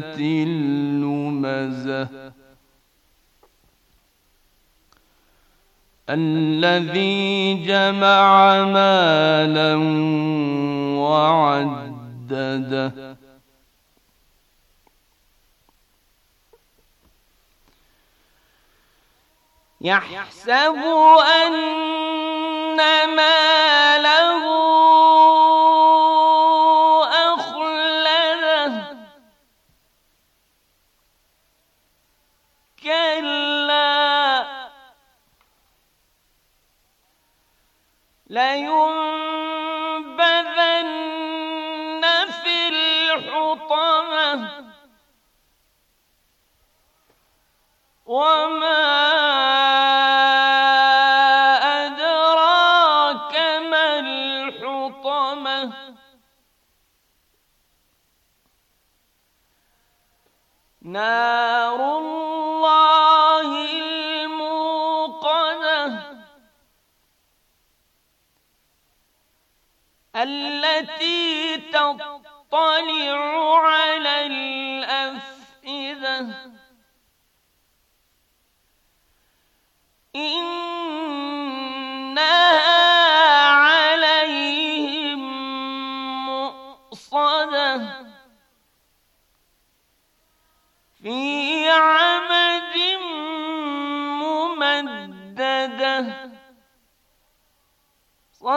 اللمزة الذي جمع مالا وعدده يحسب أن ماله نار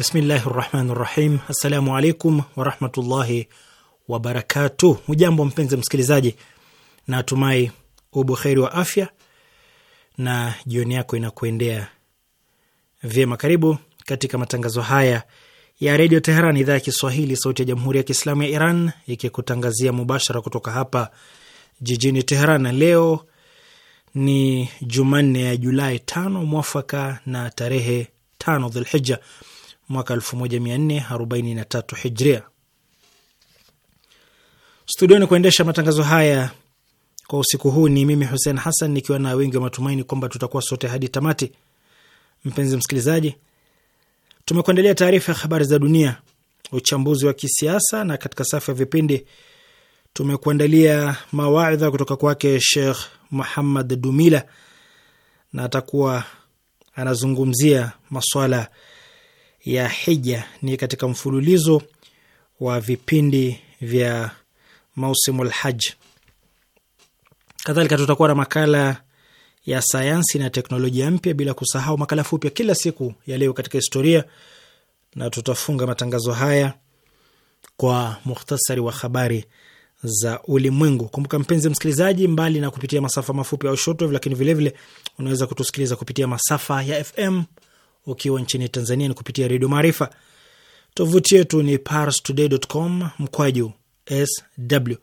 Bismillahi rahmani rahim. Assalamu alaikum warahmatullahi wabarakatuh. Hujambo mpenzi msikilizaji, natumai ubuheri wa afya na jioni yako inakuendea vyema. Karibu katika matangazo haya ya redio Teheran, idhaa ya Kiswahili, sauti ya jamhuri ya kiislamu ya Iran, ikikutangazia mubashara kutoka hapa jijini Teheran. Leo ni Jumanne ya Julai tano mwafaka na tarehe tano Dhulhija mwaka 1443 Hijria. Studioni kuendesha matangazo haya kwa usiku huu ni mimi Hussein Hassan, nikiwa na wengi wa matumaini kwamba tutakuwa sote hadi tamati. Mpenzi msikilizaji, tumekuandalia taarifa ya habari za dunia, uchambuzi wa kisiasa, na katika safu ya vipindi tumekuandalia mawaidha kutoka kwake Sheikh Muhammad Dumila, na atakuwa anazungumzia maswala ya hija ni katika mfululizo wa vipindi vya mausimu lhaj. Kadhalika tutakuwa na makala ya sayansi na teknolojia mpya, bila kusahau makala fupi ya kila siku ya leo katika historia, na tutafunga matangazo haya kwa muhtasari wa habari za ulimwengu. Kumbuka mpenzi msikilizaji, mbali na kupitia masafa mafupi au shortwave, lakini vilevile unaweza kutusikiliza kupitia masafa ya FM ukiwa nchini Tanzania ni kupitia Redio Maarifa. Tovuti yetu ni parstoday.com mkwaju sw.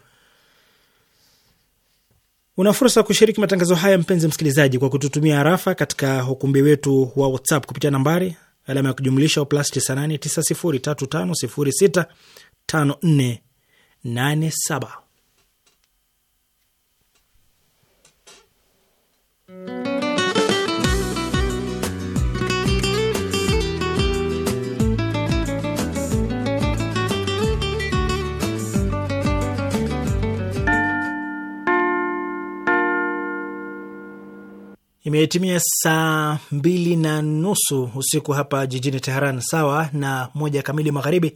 Una fursa ya kushiriki matangazo haya, mpenzi msikilizaji, kwa kututumia arafa katika ukumbi wetu wa WhatsApp kupitia nambari alama ya kujumlisha plus 98 9035065487. Imetimia saa mbili na nusu usiku hapa jijini Teheran, sawa na moja kamili magharibi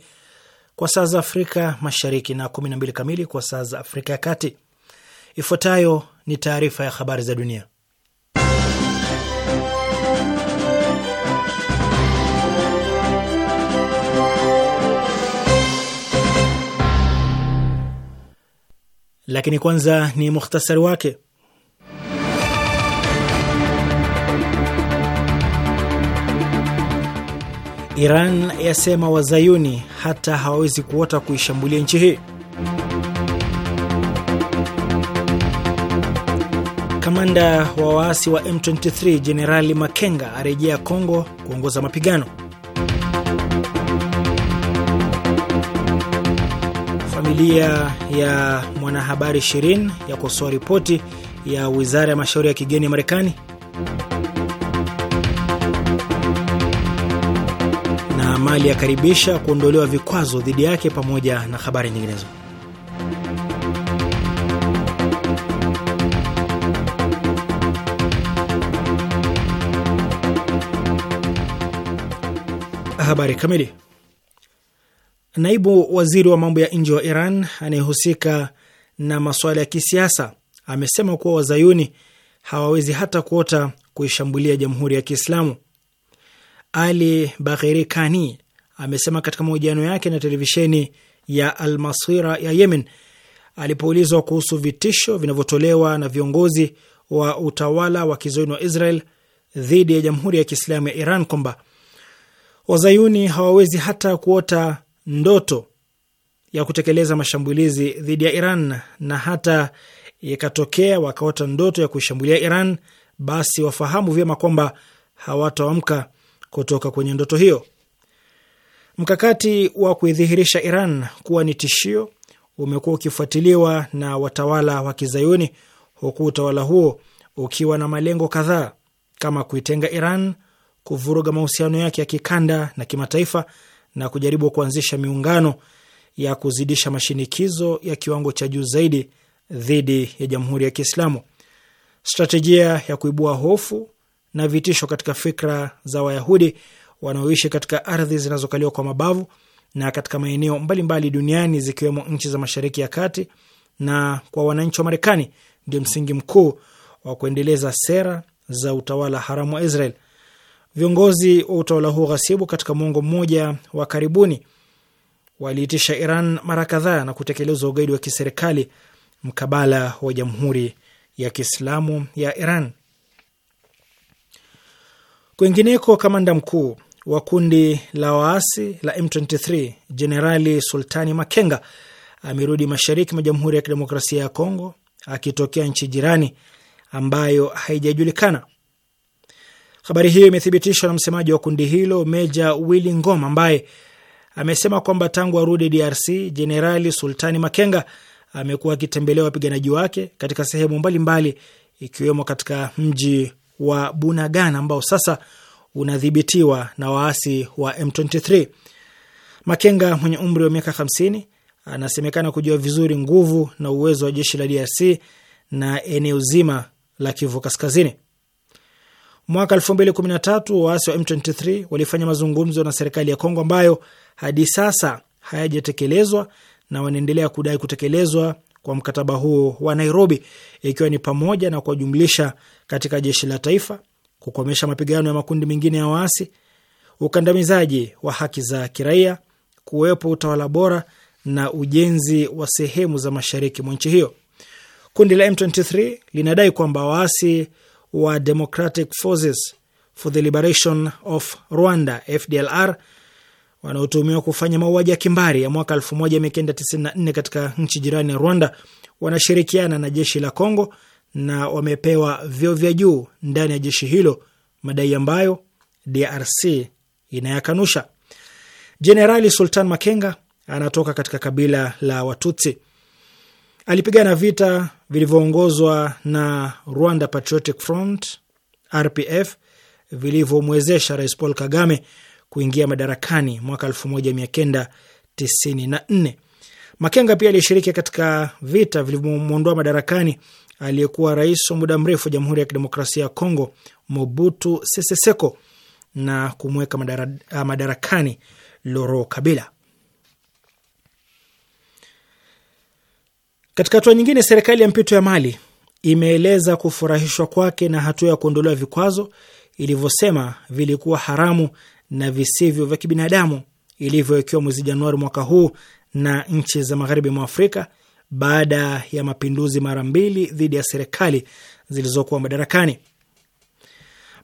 kwa saa za Afrika Mashariki na kumi na mbili kamili kwa saa za Afrika ya Kati. Ifuatayo ni taarifa ya habari za dunia, lakini kwanza ni muhtasari wake. Iran yasema wazayuni hata hawawezi kuota kuishambulia nchi hii. Kamanda wa waasi wa M23 Jenerali Makenga arejea Kongo kuongoza mapigano. Familia ya mwanahabari Shirin yakosoa ripoti ya wizara ya mashauri ya kigeni ya Marekani. Mali yakaribisha kuondolewa vikwazo dhidi yake pamoja na habari nyinginezo. Habari kamili. Naibu waziri wa mambo ya nje wa Iran anayehusika na masuala ya kisiasa amesema kuwa wazayuni hawawezi hata kuota kuishambulia jamhuri ya Kiislamu. Ali Bagheri Kani amesema katika mahojiano yake na televisheni ya Almasira ya Yemen alipoulizwa kuhusu vitisho vinavyotolewa na viongozi wa utawala wa kizoini wa Israel dhidi ya Jamhuri ya Kiislamu ya Iran kwamba wazayuni hawawezi hata kuota ndoto ya kutekeleza mashambulizi dhidi ya Iran na hata ikatokea wakaota ndoto ya kuishambulia Iran, basi wafahamu vyema kwamba hawataamka kutoka kwenye ndoto hiyo. Mkakati wa kuidhihirisha Iran kuwa ni tishio umekuwa ukifuatiliwa na watawala wa Kizayuni, huku utawala huo ukiwa na malengo kadhaa kama kuitenga Iran, kuvuruga mahusiano yake ya kikanda na kimataifa, na kujaribu kuanzisha miungano ya kuzidisha mashinikizo ya kiwango cha juu zaidi dhidi ya Jamhuri ya Kiislamu. Strategia ya kuibua hofu na vitisho katika fikra za Wayahudi wanaoishi katika ardhi zinazokaliwa kwa mabavu na katika maeneo mbalimbali duniani zikiwemo nchi za Mashariki ya Kati, na kwa wananchi wa Marekani ndio msingi mkuu wa kuendeleza sera za utawala haramu wa Israel. Viongozi wa utawala huo ghasibu katika mwongo mmoja wa karibuni waliitisha Iran mara kadhaa na kutekeleza ugaidi wa kiserikali mkabala wa Jamhuri ya Kiislamu ya Iran. Kwengineko, kamanda mkuu wa kundi la waasi la M23 Jenerali Sultani Makenga amerudi mashariki mwa Jamhuri ya Kidemokrasia ya Kongo akitokea nchi jirani ambayo haijajulikana. Habari hiyo imethibitishwa na msemaji wa kundi hilo Meja Willy Ngom ambaye amesema kwamba tangu arudi DRC, Jenerali Sultani Makenga amekuwa akitembelea wapiganaji wake katika sehemu mbalimbali mbali, ikiwemo katika mji wa Bunagana ambao sasa unadhibitiwa na waasi wa M23. Makenga mwenye umri wa miaka 50 anasemekana kujua vizuri nguvu na uwezo wa jeshi la DRC na eneo zima la Kivu Kaskazini. Mwaka 2013 waasi wa M23 walifanya mazungumzo na serikali ya Kongo ambayo hadi sasa hayajatekelezwa na wanaendelea kudai kutekelezwa kwa mkataba huo wa Nairobi, ikiwa ni pamoja na kuwajumlisha katika jeshi la taifa, kukomesha mapigano ya makundi mengine ya waasi, ukandamizaji wa haki za kiraia, kuwepo utawala bora na ujenzi wa sehemu za mashariki mwa nchi hiyo. Kundi la M23 linadai kwamba waasi wa Democratic Forces for the Liberation of Rwanda FDLR wanaotumiwa kufanya mauaji ya kimbari ya mwaka 1994 katika nchi jirani ya Rwanda wanashirikiana na jeshi la congo na wamepewa vyeo vya juu ndani ya jeshi hilo, madai ambayo DRC inayakanusha. Jenerali Sultan Makenga anatoka katika kabila la Watutsi. Alipigana vita vilivyoongozwa na Rwanda Patriotic Front RPF vilivyomwezesha Rais Paul Kagame kuingia madarakani mwaka 1994. Makenga pia alishiriki katika vita vilivyomwondoa madarakani aliyekuwa rais wa muda mrefu wa Jamhuri ya Kidemokrasia ya Kongo Mobutu Sese Seko na kumweka madara, ah, madarakani Loro Kabila. Katika hatua nyingine, serikali ya mpito ya Mali imeeleza kufurahishwa kwake na hatua ya kuondolewa vikwazo ilivyosema vilikuwa haramu na visivyo vya kibinadamu ilivyowekewa mwezi Januari mwaka huu na nchi za magharibi mwa Afrika baada ya mapinduzi mara mbili dhidi ya serikali zilizokuwa madarakani.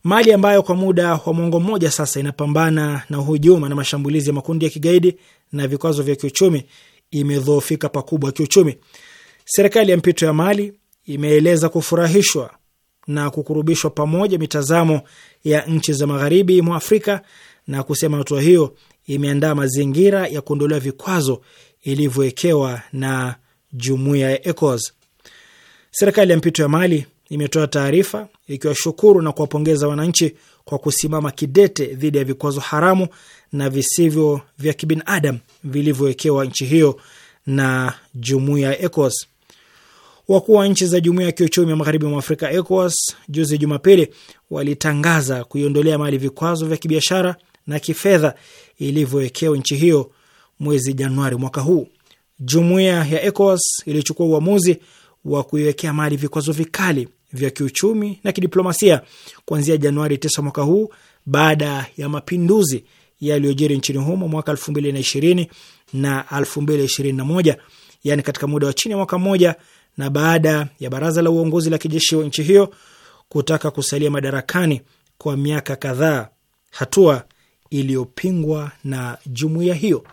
Mali ambayo kwa muda wa mwongo mmoja sasa inapambana na hujuma na mashambulizi ya makundi ya kigaidi na vikwazo vya kiuchumi imedhoofika pakubwa kiuchumi. Serikali ya mpito ya Mali imeeleza kufurahishwa na kukurubishwa pamoja mitazamo ya nchi za magharibi mwa Afrika na kusema hatua hiyo imeandaa mazingira ya kuondolewa vikwazo ilivyowekewa na jumuiya ya ECOWAS. Serikali ya mpito ya Mali imetoa taarifa ikiwashukuru na kuwapongeza wananchi kwa kusimama kidete dhidi ya vikwazo haramu na visivyo vya kibinadam vilivyowekewa nchi hiyo na jumuiya ya ECOWAS. Wakuu wa nchi za jumuiya ya kiuchumi ya magharibi mwa Afrika, ECOWAS, juzi Jumapili walitangaza kuiondolea Mali vikwazo vya kibiashara na kifedha ilivyowekewa nchi hiyo mwezi Januari mwaka huu jumuiya ya ECOWAS ilichukua uamuzi wa kuiwekea Mali vikwazo vikali vya kiuchumi na kidiplomasia kuanzia Januari 9 mwaka huu baada ya mapinduzi yaliyojiri nchini humo mwaka 2020 na 2021, yani katika muda wa chini ya mwaka mmoja, na baada ya baraza la uongozi la kijeshi wa nchi hiyo kutaka kusalia madarakani kwa miaka kadhaa, hatua iliyopingwa na jumuiya hiyo.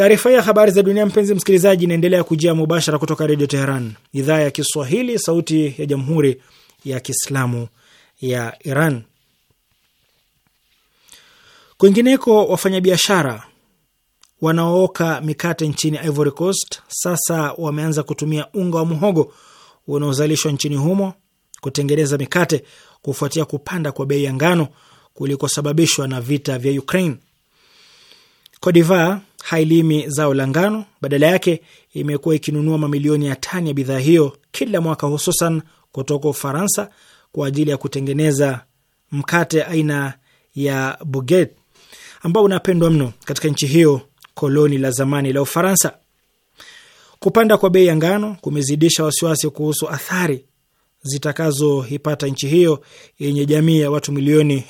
Taarifa ya habari za dunia, mpenzi msikilizaji, inaendelea kujia mubashara kutoka Redio Teheran, idhaa ya Kiswahili, sauti ya Jamhuri ya Kiislamu ya Iran. Kwingineko, wafanyabiashara wanaooka mikate nchini Ivory Coast sasa wameanza kutumia unga wa muhogo unaozalishwa nchini humo kutengeneza mikate kufuatia kupanda kwa bei ya ngano kulikosababishwa na vita vya Ukraine. Codiva hailimi zao la ngano, badala yake imekuwa ikinunua mamilioni ya tani ya bidhaa hiyo kila mwaka, hususan kutoka Ufaransa kwa ajili ya kutengeneza mkate aina ya baguette ambao unapendwa mno katika nchi hiyo koloni la zamani la Ufaransa. Kupanda kwa bei ya ngano kumezidisha wasiwasi kuhusu athari zitakazoipata nchi hiyo yenye jamii ya watu milioni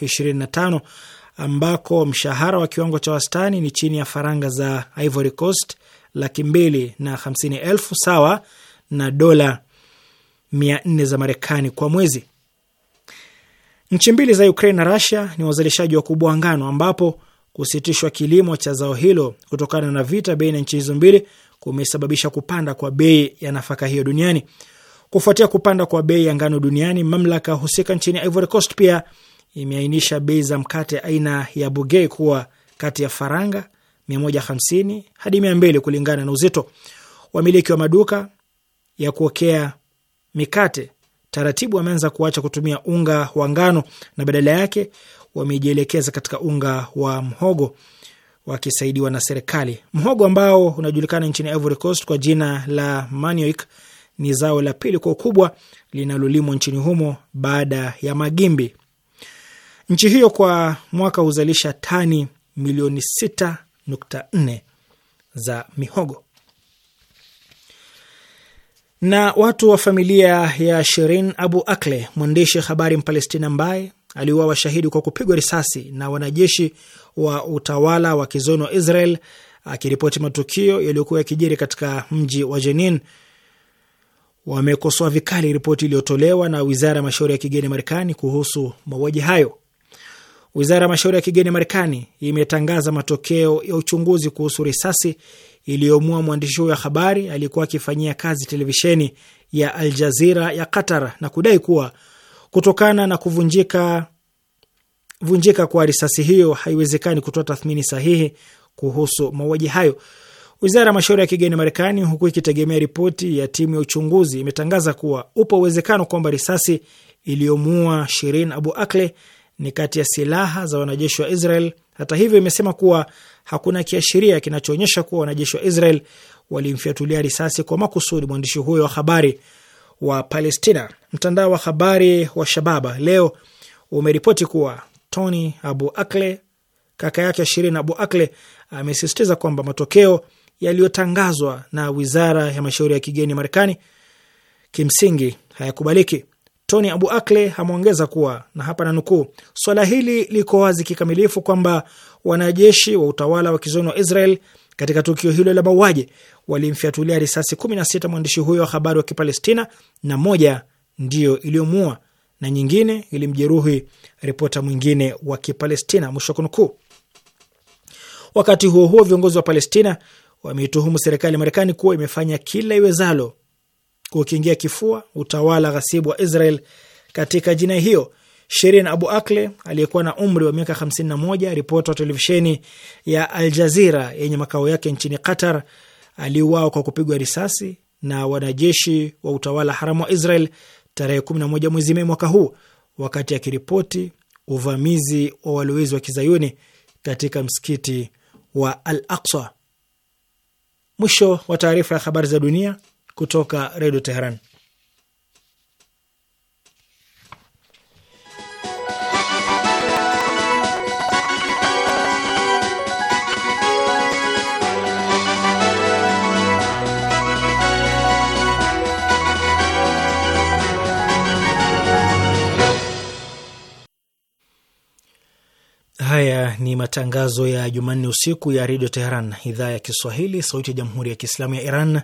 tano ambako mshahara wa kiwango cha wastani ni chini ya faranga za Ivory Coast laki mbili na hamsini elfu sawa na dola mia nne za Marekani kwa mwezi. Nchi mbili za Ukraine na Russia ni wazalishaji wakubwa wa ngano, ambapo kusitishwa kilimo cha zao hilo kutokana na vita baina ya nchi hizo mbili kumesababisha kupanda kwa bei ya nafaka hiyo duniani. Kufuatia kupanda kwa bei ya ngano duniani, mamlaka husika nchini Ivory Coast pia imeainisha bei za mkate aina ya bugei kuwa kati ya faranga 150 hadi 200 kulingana na uzito. Wamiliki wa maduka ya kuokea mikate taratibu wameanza kuacha kutumia unga wa ngano na badala yake wamejielekeza katika unga wa mhogo wakisaidiwa na serikali. Mhogo ambao unajulikana nchini Ivory Coast kwa jina la manioc ni zao la pili kwa ukubwa linalolimwa nchini humo baada ya magimbi Nchi hiyo kwa mwaka huzalisha tani milioni 6.4 za mihogo. Na watu wa familia ya Shirin Abu Akle, mwandishi habari Mpalestina ambaye aliuawa shahidi kwa kupigwa risasi na wanajeshi wa utawala wa kizoni wa Israel akiripoti matukio yaliyokuwa yakijiri katika mji wa Jenin, wamekosoa vikali ripoti iliyotolewa na wizara ya mashauri ya kigeni Marekani kuhusu mauaji hayo. Wizara ya mashauri ya kigeni Marekani imetangaza matokeo ya uchunguzi kuhusu risasi iliyomua mwandishi huyo wa habari aliyekuwa akifanyia kazi televisheni ya Al Jazeera ya Qatar na kudai kuwa kutokana na kuvunjika vunjika kwa risasi hiyo haiwezekani kutoa tathmini sahihi kuhusu mauaji hayo. Wizara ya mashauri ya kigeni Marekani, huku ikitegemea ripoti ya timu ya uchunguzi, imetangaza kuwa upo uwezekano kwamba risasi iliyomuua Shirin Abu Akleh ni kati ya silaha za wanajeshi wa Israel. Hata hivyo, imesema kuwa hakuna kiashiria kinachoonyesha kuwa wanajeshi wa Israel walimfyatulia risasi kwa makusudi mwandishi huyo wa habari wa Palestina. Mtandao wa habari wa Shababa leo umeripoti kuwa Tony Abu Akle, kaka yake Shirin Abu Akle, amesisitiza kwamba matokeo yaliyotangazwa na wizara ya mashauri ya kigeni Marekani kimsingi hayakubaliki. Tony Abu Akle ameongeza kuwa na hapa na nukuu, swala hili liko wazi kikamilifu kwamba wanajeshi wa utawala wa kizoni wa Israel katika tukio hilo la mauaji walimfyatulia risasi 16 mwandishi huyo wa habari wa Kipalestina, na moja ndiyo iliyomua na nyingine ilimjeruhi ripota mwingine wa Kipalestina, mwisho kunukuu. Wakati huo huo, viongozi wa Palestina wameituhumu serikali ya Marekani kuwa imefanya kila iwezalo kukiingia kifua utawala ghasibu wa Israel katika jinai hiyo. Shirin Abu Akle aliyekuwa na umri wa miaka 51, ripota wa televisheni ya Al Jazira yenye makao yake nchini Qatar, aliuawa kwa kupigwa risasi na wanajeshi wa utawala haramu wa Israel tarehe 11 mwezi Mei mwaka huu wakati akiripoti uvamizi wa walowezi wa kizayuni katika msikiti wa Al Aqsa. Mwisho wa taarifa ya habari za dunia kutoka Redio Teheran. Haya ni matangazo ya Jumanne usiku ya Redio Teheran, idhaa ya Kiswahili, sauti ya jamhuri ya kiislamu ya Iran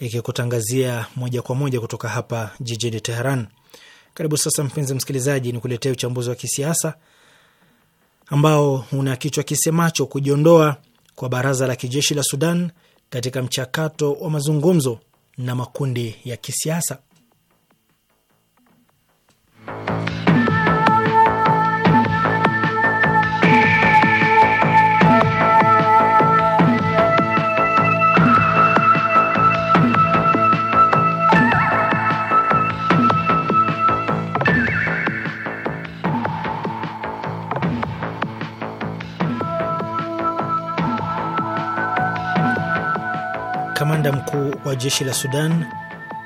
ikikutangazia moja kwa moja kutoka hapa jijini Teheran. Karibu sasa, mpenzi msikilizaji, ni kuletea uchambuzi wa kisiasa ambao una kichwa kisemacho kujiondoa kwa baraza la kijeshi la Sudan katika mchakato wa mazungumzo na makundi ya kisiasa. Kamanda mkuu wa jeshi la Sudan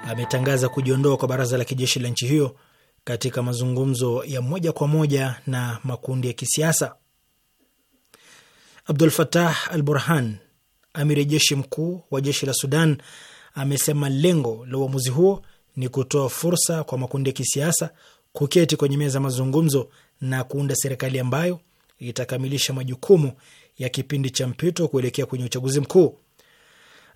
ametangaza kujiondoa kwa baraza la kijeshi la nchi hiyo katika mazungumzo ya moja kwa moja na makundi ya kisiasa. Abdul Fatah Al Burhan, amiri jeshi mkuu wa jeshi la Sudan, amesema lengo la uamuzi huo ni kutoa fursa kwa makundi ya kisiasa kuketi kwenye meza mazungumzo na kuunda serikali ambayo itakamilisha majukumu ya kipindi cha mpito kuelekea kwenye uchaguzi mkuu.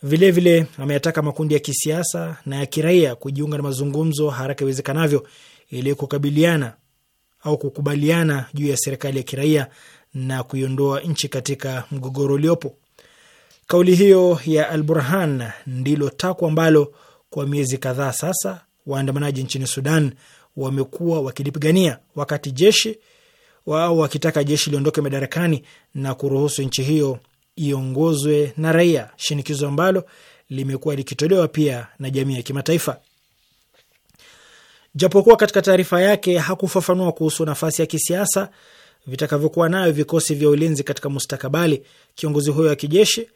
Vilevile ameyataka makundi ya kisiasa na ya kiraia kujiunga na mazungumzo haraka iwezekanavyo ili kukabiliana au kukubaliana juu ya serikali ya kiraia na kuiondoa nchi katika mgogoro uliopo. Kauli hiyo ya Al Burhan ndilo takwa ambalo kwa miezi kadhaa sasa waandamanaji nchini Sudan wamekuwa wakilipigania, wakati jeshi wao wakitaka jeshi liondoke madarakani na kuruhusu nchi hiyo iongozwe na raia, shinikizo ambalo limekuwa likitolewa pia na jamii ya kimataifa. Japokuwa katika taarifa yake hakufafanua kuhusu nafasi ya kisiasa vitakavyokuwa nayo vikosi vya ulinzi katika mustakabali, kiongozi huyo wa kijeshi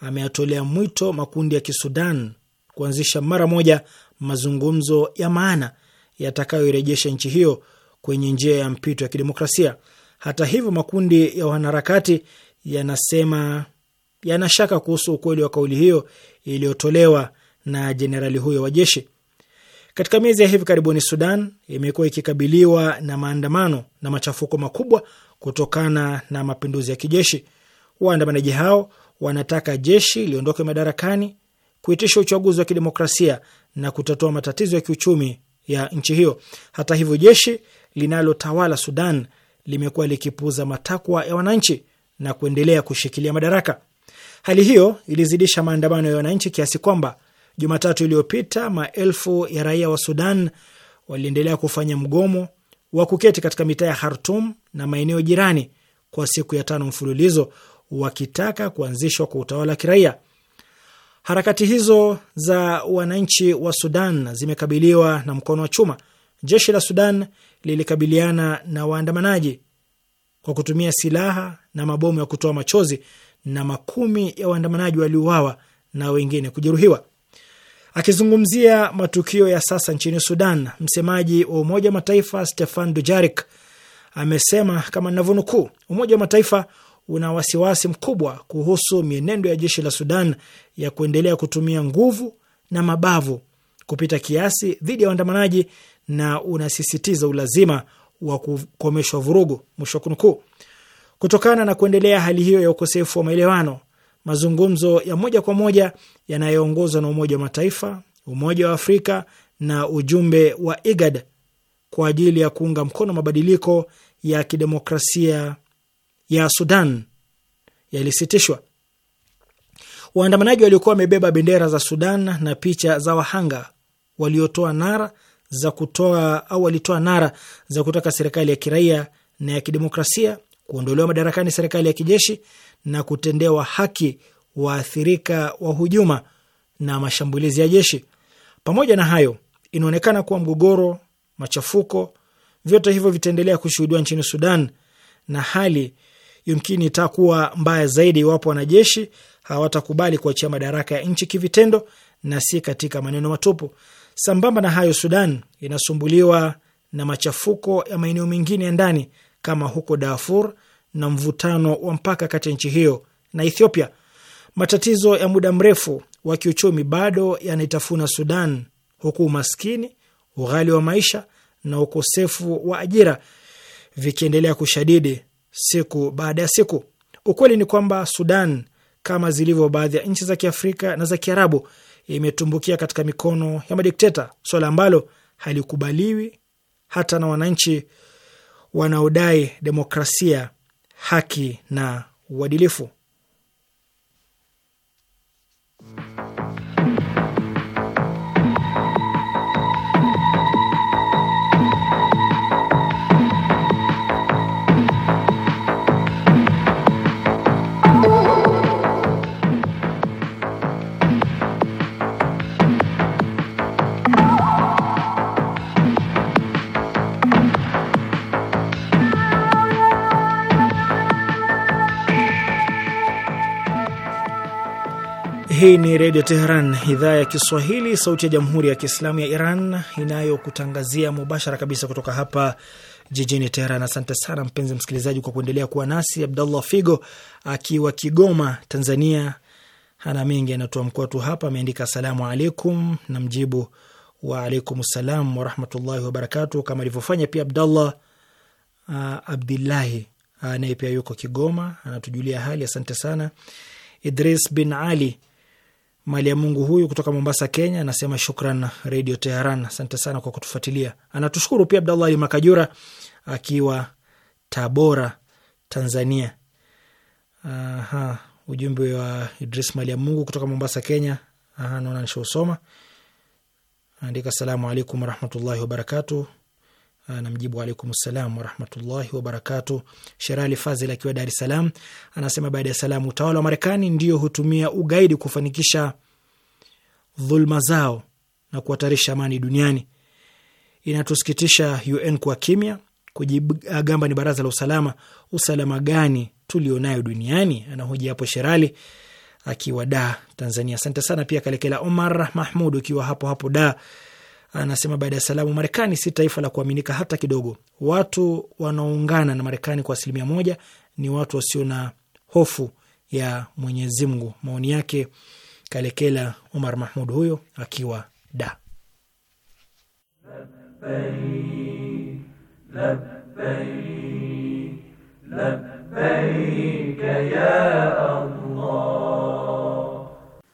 ameyatolea mwito makundi ya Kisudan kuanzisha mara moja mazungumzo ya maana yatakayoirejesha nchi hiyo kwenye njia ya mpito ya kidemokrasia. Hata hivyo, makundi ya wanaharakati yanasema yana shaka kuhusu ukweli wa kauli hiyo iliyotolewa na jenerali huyo wa jeshi. Katika miezi ya hivi karibuni, Sudan imekuwa ikikabiliwa na maandamano na machafuko makubwa kutokana na mapinduzi ya kijeshi. Waandamanaji hao wanataka jeshi liondoke madarakani, kuitisha uchaguzi wa kidemokrasia na kutatua matatizo ya kiuchumi ya nchi hiyo. Hata hivyo, jeshi linalotawala Sudan limekuwa likipuuza matakwa ya wananchi na kuendelea kushikilia madaraka. Hali hiyo ilizidisha maandamano ya wananchi kiasi kwamba Jumatatu iliyopita maelfu ya raia wa Sudan waliendelea kufanya mgomo wa kuketi katika mitaa ya Khartum na maeneo jirani kwa siku ya tano mfululizo wakitaka kuanzishwa kwa utawala wa kiraia. Harakati hizo za wananchi wa Sudan zimekabiliwa na mkono wa chuma. Jeshi la Sudan lilikabiliana na waandamanaji kwa kutumia silaha na mabomu ya kutoa machozi na makumi ya waandamanaji waliuawa na wengine kujeruhiwa. Akizungumzia matukio ya sasa nchini Sudan, msemaji wa Umoja wa Mataifa Stefan Dujarik amesema kama navyonukuu, Umoja wa Mataifa una wasiwasi mkubwa kuhusu mienendo ya jeshi la Sudan ya kuendelea kutumia nguvu na mabavu kupita kiasi dhidi ya waandamanaji na unasisitiza ulazima wa kukomeshwa vurugu, mwisho wa kunukuu. Kutokana na kuendelea hali hiyo ya ukosefu wa maelewano, mazungumzo ya moja kwa moja yanayoongozwa na Umoja wa Mataifa, Umoja wa Afrika na ujumbe wa IGAD kwa ajili ya kuunga mkono mabadiliko ya kidemokrasia ya Sudan yalisitishwa. Waandamanaji waliokuwa wamebeba bendera za Sudan na picha za wahanga waliotoa nara za kutoa au walitoa nara za kutaka serikali ya kiraia na ya kidemokrasia kuondolewa madarakani serikali ya kijeshi na kutendewa haki waathirika wa hujuma na mashambulizi ya jeshi. Pamoja na hayo, inaonekana kuwa mgogoro, machafuko, vyote hivyo vitaendelea kushuhudiwa nchini Sudan na hali yumkini itakuwa mbaya zaidi iwapo wanajeshi hawatakubali kuachia madaraka ya nchi kivitendo na si katika maneno matupu. Sambamba na hayo, Sudan inasumbuliwa na machafuko ya maeneo mengine ya ndani kama huko Darfur na mvutano wa mpaka kati ya nchi hiyo na Ethiopia. Matatizo ya muda mrefu wa kiuchumi bado yanaitafuna Sudan, huku umaskini, ughali wa maisha na ukosefu wa ajira vikiendelea kushadidi siku baada ya siku. Ukweli ni kwamba Sudan, kama zilivyo baadhi ya nchi za Kiafrika na za Kiarabu, imetumbukia katika mikono ya madikteta, swala ambalo halikubaliwi hata na wananchi wanaodai demokrasia, haki na uadilifu. Hii ni Redio Teheran, idhaa ya Kiswahili, sauti ya Jamhuri ya Kiislamu ya Iran, inayokutangazia mubashara kabisa kutoka hapa jijini Teheran. Asante sana mpenzi msikilizaji kwa kuendelea kuwa nasi. Abdallah Figo akiwa Kigoma, Tanzania, hana mengi anatoa mkoa tu hapa, ameandika asalamu alaikum, na mjibu wa alaikum salam warahmatullahi wabarakatu, kama alivyofanya pia Abdallah uh, Abdillahi uh, naye pia yuko Kigoma, anatujulia hali. Asante sana Idris bin Ali mali ya Mungu huyu kutoka Mombasa, Kenya, anasema shukran Redio Teheran, asante sana kwa kutufuatilia. Anatushukuru pia Abdallah Ali Makajura akiwa Tabora, Tanzania. Aha, ujumbe wa Idris mali ya Mungu kutoka Mombasa, Kenya. Aha, naona nishausoma. Andika salamu alaikum warahmatullahi wabarakatuh anamjibu ah, alaikum salam warahmatullahi wabarakatu. Sherali Fazil akiwa Dar es Salaam anasema, baada ya salamu, utawala wa Marekani ndio hutumia ugaidi kufanikisha dhulma zao na kuhatarisha amani duniani. Inatusikitisha UN kwa kimya kujigamba ah, ni baraza la usalama. Usalama gani tulionayo duniani? Anahoji hapo Sherali akiwa Da, Tanzania. Asante sana pia Kalekela Omar Mahmud ukiwa hapo hapo Da anasema baada ya salamu, Marekani si taifa la kuaminika hata kidogo. Watu wanaoungana na Marekani kwa asilimia moja ni watu wasio na hofu ya Mwenyezi Mungu. Maoni yake Kalekela Omar Mahmud, huyo akiwa da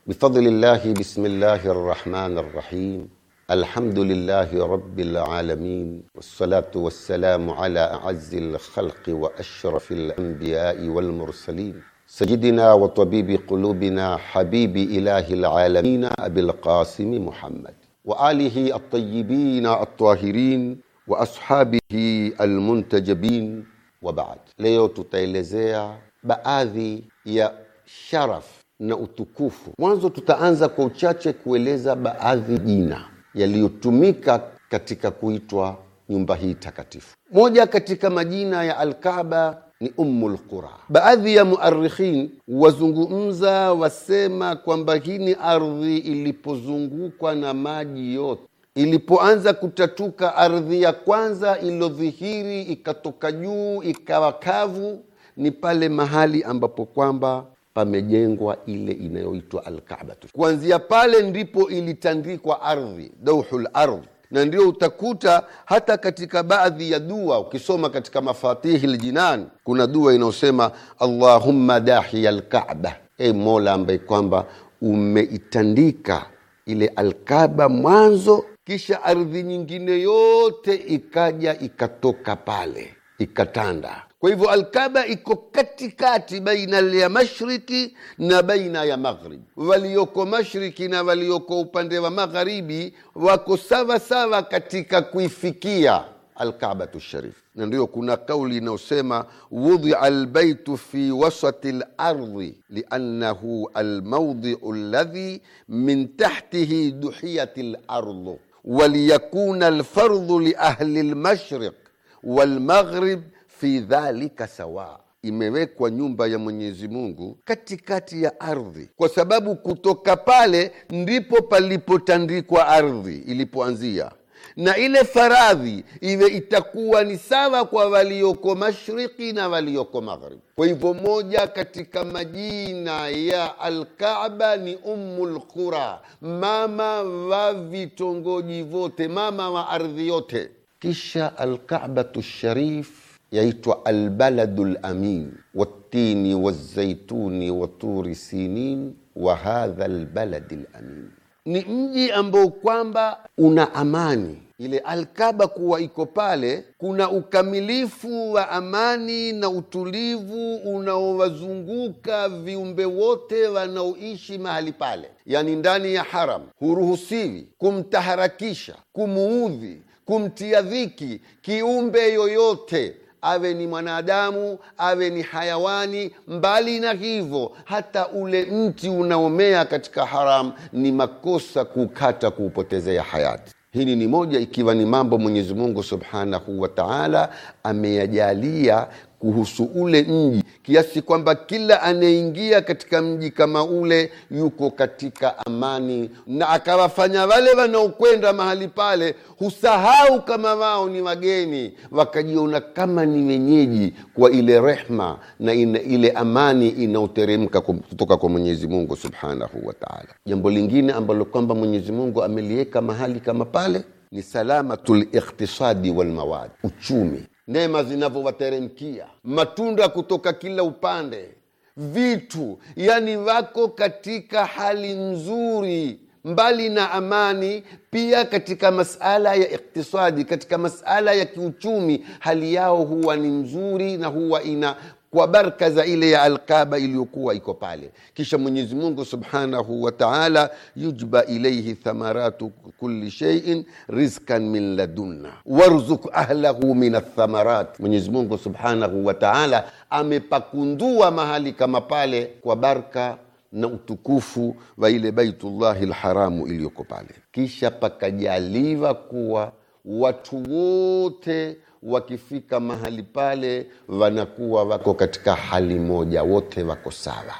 Bifadlillahi, bismillahi rahmani rahim الحمد لله رب العالمين والصلاة والسلام على أعز الخلق وأشرف الأنبياء والمرسلين سيدنا وطبيب قلوبنا حبيب إله العالمين أبي القاسم محمد وآله الطيبين الطاهرين وأصحابه المنتجبين وبعد ليو tutaelezea بآذي يا شرف na utukufu mwanzo tutaanza kwa uchache kueleza baadhi jina yaliyotumika katika kuitwa nyumba hii takatifu. Moja katika majina ya Alkaba ni Ummul Lqura. Baadhi ya muarikhin wazungumza wasema kwamba hii ni ardhi ilipozungukwa na maji yote. Ilipoanza kutatuka, ardhi ya kwanza iliyodhihiri ikatoka juu ikawa kavu ni pale mahali ambapo kwamba pamejengwa ile inayoitwa alkaba Kuanzia pale ndipo ilitandikwa ardhi, dauhul ardhi, na ndio utakuta hata katika baadhi ya dua ukisoma katika Mafatihi Ljinan kuna dua inayosema Allahumma dahiya lkaba, e Mola ambaye kwamba umeitandika ile Alkaba mwanzo, kisha ardhi nyingine yote ikaja ikatoka pale ikatanda Kwa hivyo Alkaba iko katikati baina ya mashriki na baina ya maghribi. Walioko mashriki na walioko upande wa magharibi wako sawa sawa katika kuifikia Alkabatu Sharif, na ndio kuna kauli inayosema wudia albaitu fi wasati lardhi liannahu almaudhiu ladhi min tahtihi duhiyat lardhu waliyakuna alfardhu liahli lmashriq walmaghrib fi dhalika sawa, imewekwa nyumba ya Mwenyezi Mungu katikati ya ardhi, kwa sababu kutoka pale ndipo palipotandikwa ardhi ilipoanzia na ile faradhi iwe itakuwa ni sawa kwa walioko mashriki na walioko magharibi. Kwa hivyo moja katika majina ya Alkaaba ni Ummul Qura, mama wa vitongoji vyote, mama wa ardhi yote. Kisha Alkaabatu Sharif yaitwa albaladu lamin watini wazaituni waturi sinin wa hadha lbaladi lamin, ni mji ambao kwamba una amani. Ile Alkaba kuwa iko pale, kuna ukamilifu wa amani na utulivu unaowazunguka viumbe wote wanaoishi mahali pale, yani ndani ya haram. Huruhusiwi kumtaharakisha, kumuudhi, kumtia dhiki kiumbe yoyote awe ni mwanadamu awe ni hayawani mbali na hivyo hata ule mti unaomea katika haram ni makosa kukata kuupotezea hayati hili ni moja ikiwa ni mambo mwenyezi mungu subhanahu wa taala ameyajalia kuhusu ule mji, kiasi kwamba kila anayeingia katika mji kama ule yuko katika amani, na akawafanya wale wanaokwenda mahali pale husahau kama wao ni wageni, wakajiona kama ni wenyeji kwa ile rehma na ina, ile amani inayoteremka kutoka kwa Mwenyezi Mungu subhanahu wa taala. Jambo lingine ambalo kwamba Mwenyezi Mungu ameliweka mahali kama pale ni salamatu liktisadi walmawadi, uchumi neema zinavyowateremkia, matunda kutoka kila upande, vitu yani, wako katika hali nzuri mbali na amani, pia katika masala ya iktisadi, katika masala ya kiuchumi, hali yao huwa ni nzuri na huwa ina kwa za ile ya alkaba iliyokuwa iko pale. Kisha Mwenyezi Mungu subhanahu wa taala, yujba ilaihi thamaratu kulli sheiin rizkan min ladunna warzuk ahlahu min athamarat. Mwenyezi Mungu subhanahu wa taala amepakundua mahali kama pale kwa baraka na utukufu wa ile Baitullahi lharamu iliyoko pale, kisha pakajaliwa kuwa watu wote wakifika mahali pale wanakuwa wako katika hali moja, wote wako sawa,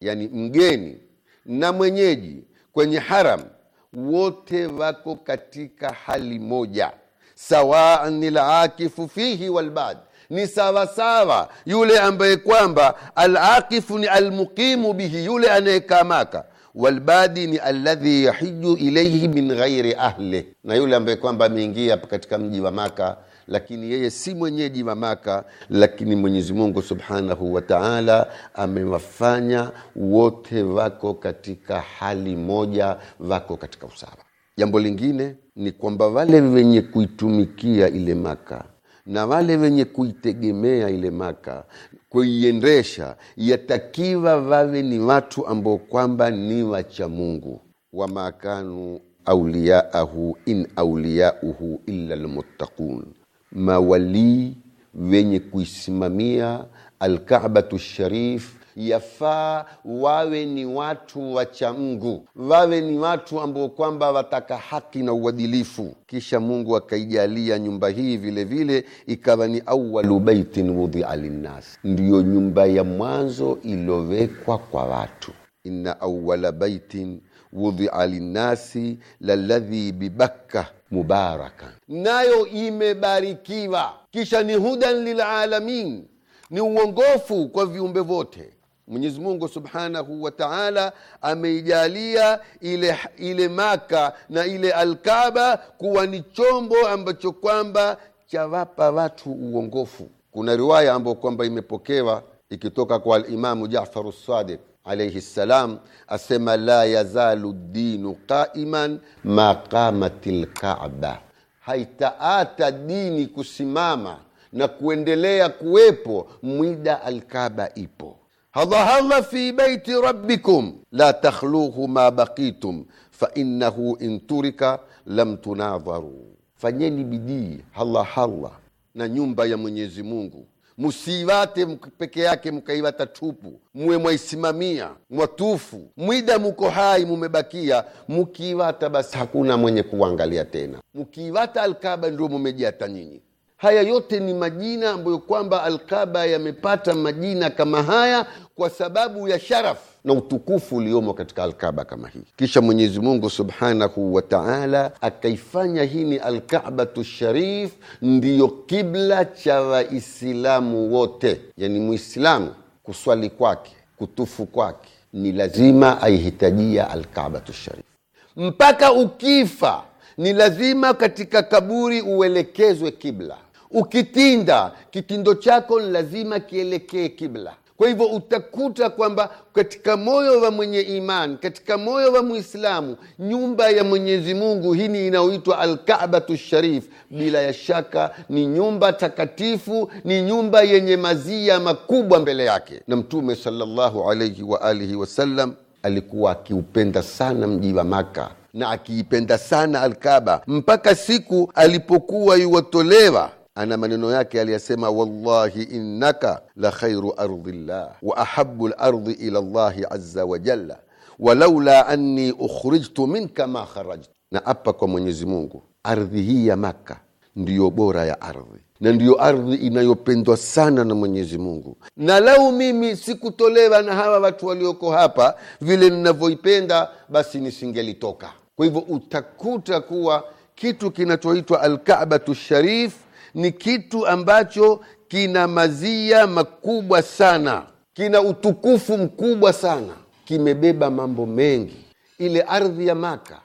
yaani mgeni na mwenyeji kwenye haram wote wako katika hali moja, sawaan alakifu fihi walbad, ni sawasawa yule ambaye kwamba alakifu ni almuqimu bihi, yule anayekaa Maka, walbadi ni alladhi yahiju ilaihi min ghairi ahli, na yule ambaye kwamba ameingia katika mji wa Maka lakini yeye si mwenyeji Maka, lakini Mwenyezi Mungu Subhanahu wa Ta'ala amewafanya wote wako katika hali moja, wako katika usawa. Jambo lingine ni kwamba wale wenye kuitumikia ile Maka na wale wenye kuitegemea ile Maka kuiendesha, yatakiwa wawe ni watu ambao kwamba ni wacha Mungu. wamakanu auliyaahu in auliyauhu illa lmuttaqun mawalii wenye kuisimamia Alkabatu Sharif yafaa wawe ni watu wacha Mungu, wawe ni watu ambao kwamba wataka haki na uadilifu. Kisha Mungu akaijalia nyumba hii vilevile ikawa ni awalu baitin wudhia linnas, ndiyo nyumba ya mwanzo iliyowekwa kwa watu. inna awala baitin wudia linnasi laladhi bibakka mubarakan, nayo imebarikiwa. Kisha ni hudan lilalamin, ni uongofu kwa viumbe vyote Mwenyezi Mungu subhanahu wa taala ameijalia ile, ile Maka na ile Alkaba kuwa ni chombo ambacho kwamba chawapa watu uongofu. Kuna riwaya ambayo kwamba imepokewa ikitoka kwa Alimamu Jafaru Sadiq alaihi ssalam asema la yazalu dinu qaiman ma qamat lkaba, haitaata dini kusimama na kuendelea kuwepo mwida alkaba ipo. Hadhahadha fi baiti rabbikum la takhluhu ma baqitum in turika lam tunadharu, fanyeni bidii hallahalla na nyumba ya Mwenyezi Mungu musiiwate peke yake mkaivata tupu, muwe mwaisimamia mwatufu, mwida muko hai mumebakia. Mukiivata basi hakuna mwenye kuangalia tena, mukiivata Alkaba ndio mumejiata nyinyi. Haya yote ni majina ambayo kwamba Alkaba yamepata majina kama haya kwa sababu ya sharaf na utukufu uliomo katika Alkaba kama hii. Kisha Mwenyezi Mungu subhanahu wa taala akaifanya hii ni Alkabatu Sharif ndiyo kibla cha Waislamu wote, yani mwislamu kuswali kwake kutufu kwake ni lazima aihitajia Alkabatu Sharif mpaka ukifa ni lazima katika kaburi uelekezwe kibla. Ukitinda kitindo chako ni lazima kielekee kibla kwa hivyo utakuta kwamba katika moyo wa mwenye iman katika moyo wa mwislamu nyumba ya mwenyezi mungu hini inayoitwa alkabatu sharif bila ya shaka ni nyumba takatifu ni nyumba yenye mazia makubwa mbele yake na mtume salllahu alaihi waalihi wasallam alikuwa akiupenda sana mji wa maka na akiipenda sana alkaba mpaka siku alipokuwa yuwatolewa ana maneno yake aliyasema, wallahi innaka la khairu ardi llah wa ahabu lardhi ila llahi aza wa walaula anni ukhrijtu minka ma kharajtu, na apa kwa Mwenyezi Mungu, ardhi hii ya Maka ndiyo bora ya ardhi na ndiyo ardhi inayopendwa sana na Mwenyezi Mungu, na lau mimi sikutolewa na hawa watu walioko hapa vile ninavyoipenda, basi nisingelitoka. Kwa hivyo utakuta kuwa kitu kinachoitwa Alkaabatu Sharif ni kitu ambacho kina mazia makubwa sana, kina utukufu mkubwa sana, kimebeba mambo mengi. Ile ardhi ya Maka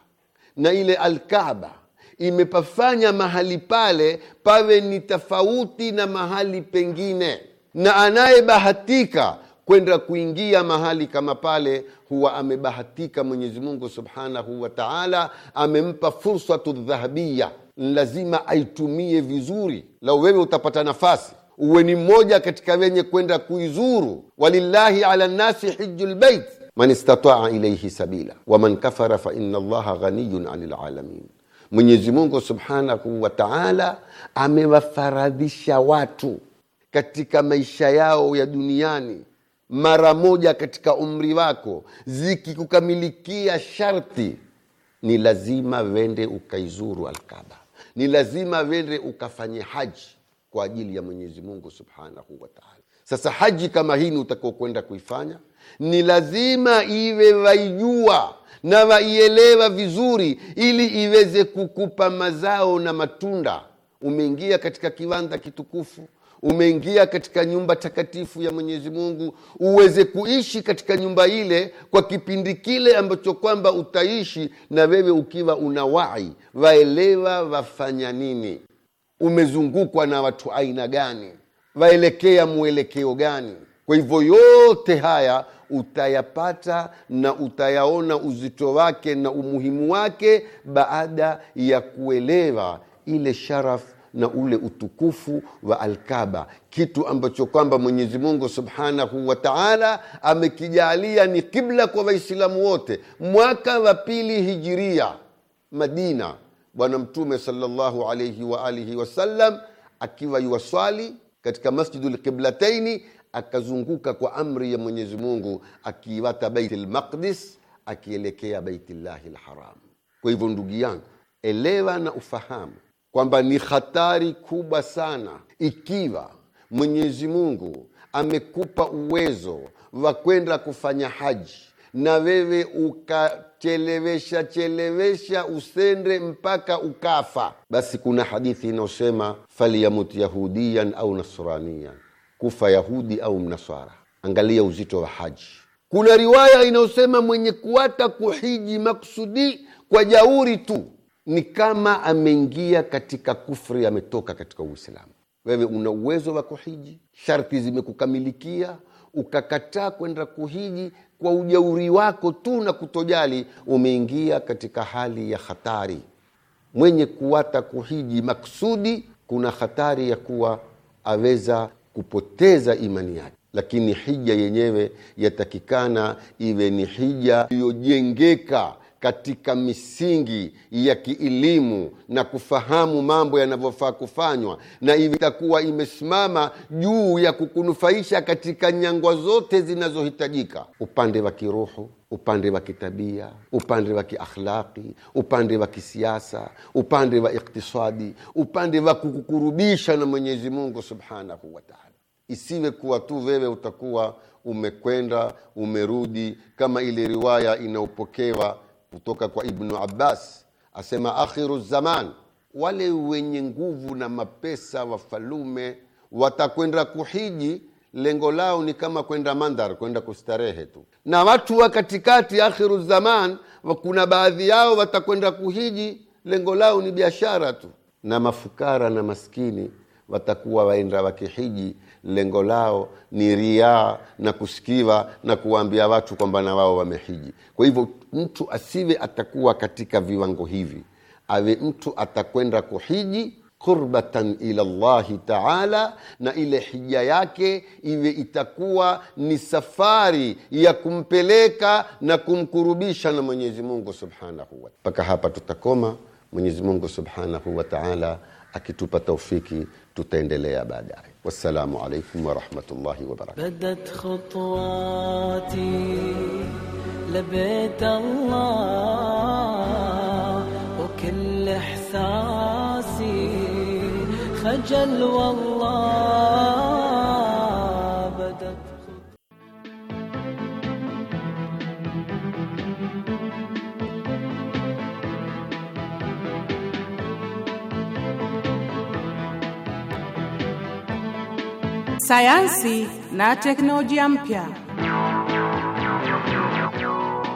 na ile Alkaaba imepafanya mahali pale pawe ni tofauti na mahali pengine, na anayebahatika kwenda kuingia mahali kama pale huwa amebahatika. Mwenyezi Mungu subhanahu wa taala amempa fursatu dhahabia lazima aitumie vizuri. Lau wewe utapata nafasi uwe ni mmoja katika wenye kwenda kuizuru. Walillahi ala nnasi hiju lbeit man istataa ilaihi sabila waman kafara fa llaha ghaniyun ani lalamin. Mwenyezi Mungu subhanahu wa taala amewafaradhisha watu katika maisha yao ya duniani mara moja katika umri wako, zikikukamilikia sharti ni lazima wende ukaizuru Alkaba ni lazima wende ukafanye haji kwa ajili ya mwenyezi mungu subhanahu wataala sasa haji kama hii utakiwa kwenda kuifanya ni lazima iwe waijua na waielewa vizuri ili iweze kukupa mazao na matunda umeingia katika kiwanda kitukufu umeingia katika nyumba takatifu ya mwenyezi mungu uweze kuishi katika nyumba ile kwa kipindi kile ambacho kwamba utaishi na wewe ukiwa una wai waelewa wafanya nini umezungukwa na watu aina gani waelekea mwelekeo gani kwa hivyo yote haya utayapata na utayaona uzito wake na umuhimu wake baada ya kuelewa ile sharafu na ule utukufu wa Alkaba, kitu ambacho kwamba Mwenyezi Mungu subhanahu wa taala amekijalia ni kibla kwa Waislamu wote. Mwaka wa pili hijiria, Madina, Bwana Mtume sallallahu alaihi wa alihi wasallam akiwa yuwaswali katika Masjidu lqiblataini akazunguka kwa amri ya Mwenyezi Mungu akiiwata Baitul Maqdis akielekea baitillahi Lharam. Kwa hivyo ndugu yangu, elewa na ufahamu kwamba ni hatari kubwa sana ikiwa Mwenyezi Mungu amekupa uwezo wa kwenda kufanya haji na wewe ukachelewesha chelewesha usende mpaka ukafa. Basi kuna hadithi inayosema falyamut yahudiyan au nasraniyan, kufa Yahudi au mnaswara Angalia uzito wa haji. Kuna riwaya inayosema mwenye kuwata kuhiji maksudi kwa jauri tu ni kama ameingia katika kufri, ametoka katika Uislamu. Wewe una uwezo wa kuhiji, sharti zimekukamilikia, ukakataa kwenda kuhiji kwa ujauri wako tu na kutojali, umeingia katika hali ya hatari. Mwenye kuwata kuhiji maksudi, kuna hatari ya kuwa aweza kupoteza imani yake, lakini hija yenyewe yatakikana iwe ni hija iliyojengeka katika misingi ya kielimu na kufahamu mambo yanavyofaa kufanywa, na hivi itakuwa imesimama juu ya kukunufaisha katika nyangwa zote zinazohitajika, upande wa kiruhu, upande wa kitabia, upande wa kiakhlaqi, upande wa kisiasa, upande wa iktisadi, upande wa kukukurubisha na Mwenyezi Mungu subhanahu wataala. Isiwe kuwa tu wewe utakuwa umekwenda umerudi, kama ile riwaya inayopokewa kutoka kwa Ibnu Abbas asema akhiru zaman, wale wenye nguvu na mapesa wafalume watakwenda kuhiji, lengo lao ni kama kwenda mandhar, kwenda kustarehe tu. Na watu wa katikati, akhiru zaman, kuna baadhi yao watakwenda kuhiji, lengo lao ni biashara tu. Na mafukara na maskini watakuwa waenda wakihiji, lengo lao ni riaa na kusikiwa na kuwaambia watu kwamba na wao wamehiji kwa hivyo mtu asiwe atakuwa katika viwango hivi awe mtu atakwenda kuhiji qurbatan ila llahi taala na ile hija yake iwe itakuwa ni safari ya kumpeleka na kumkurubisha na mwenyezi mungu subhanahu wa mpaka hapa tutakoma mwenyezi mungu subhanahu wa taala akitupa taufiki tutaendelea baadaye والسلام عليكم ورحمة الله وبركاته بدت خطواتي لبيت الله وكل إحساسي خجل والله sayansi na teknolojia mpya.